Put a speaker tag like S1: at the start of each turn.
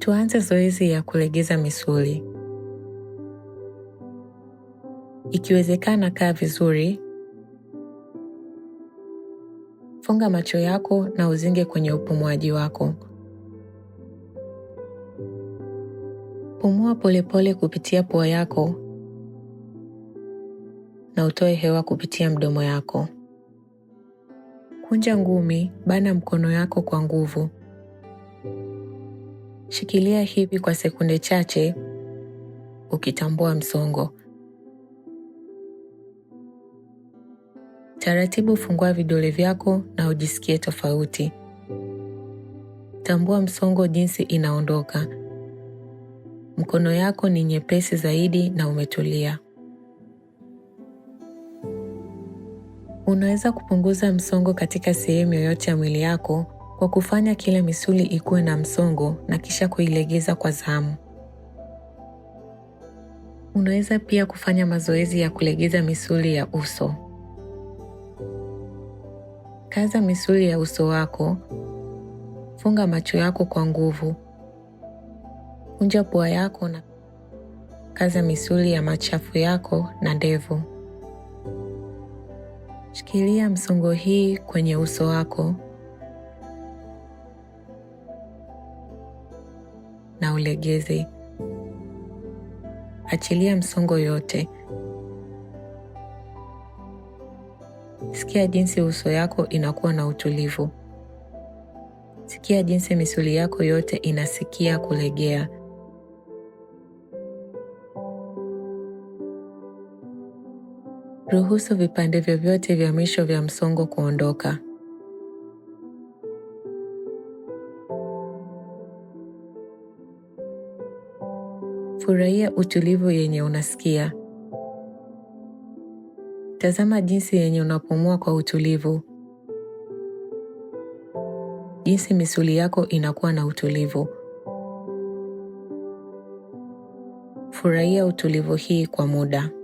S1: Tuanze zoezi ya kulegeza misuli. Ikiwezekana, kaa vizuri, funga macho yako na uzinge kwenye upumuaji wako. Pumua polepole kupitia pua yako na utoe hewa kupitia mdomo yako. Kunja ngumi, bana mkono yako kwa nguvu. Shikilia hivi kwa sekunde chache ukitambua msongo. Taratibu fungua vidole vyako na ujisikie tofauti. Tambua msongo jinsi inaondoka. Mkono yako ni nyepesi zaidi na umetulia. Unaweza kupunguza msongo katika sehemu yoyote ya mwili yako kwa kufanya kila misuli ikuwe na msongo na kisha kuilegeza kwa zamu. Unaweza pia kufanya mazoezi ya kulegeza misuli ya uso. Kaza misuli ya uso wako. Funga macho yako kwa nguvu. Kunja pua yako na kaza misuli ya machafu yako na ndevu. Shikilia msongo hii kwenye uso wako. na ulegezi. Achilia msongo yote. Sikia jinsi uso yako inakuwa na utulivu. Sikia jinsi misuli yako yote inasikia kulegea. Ruhusu vipande vyovyote vya mwisho vya msongo kuondoka. Furahia utulivu yenye unasikia. Tazama jinsi yenye unapumua kwa utulivu, jinsi misuli yako inakuwa na utulivu. Furahia utulivu hii kwa muda.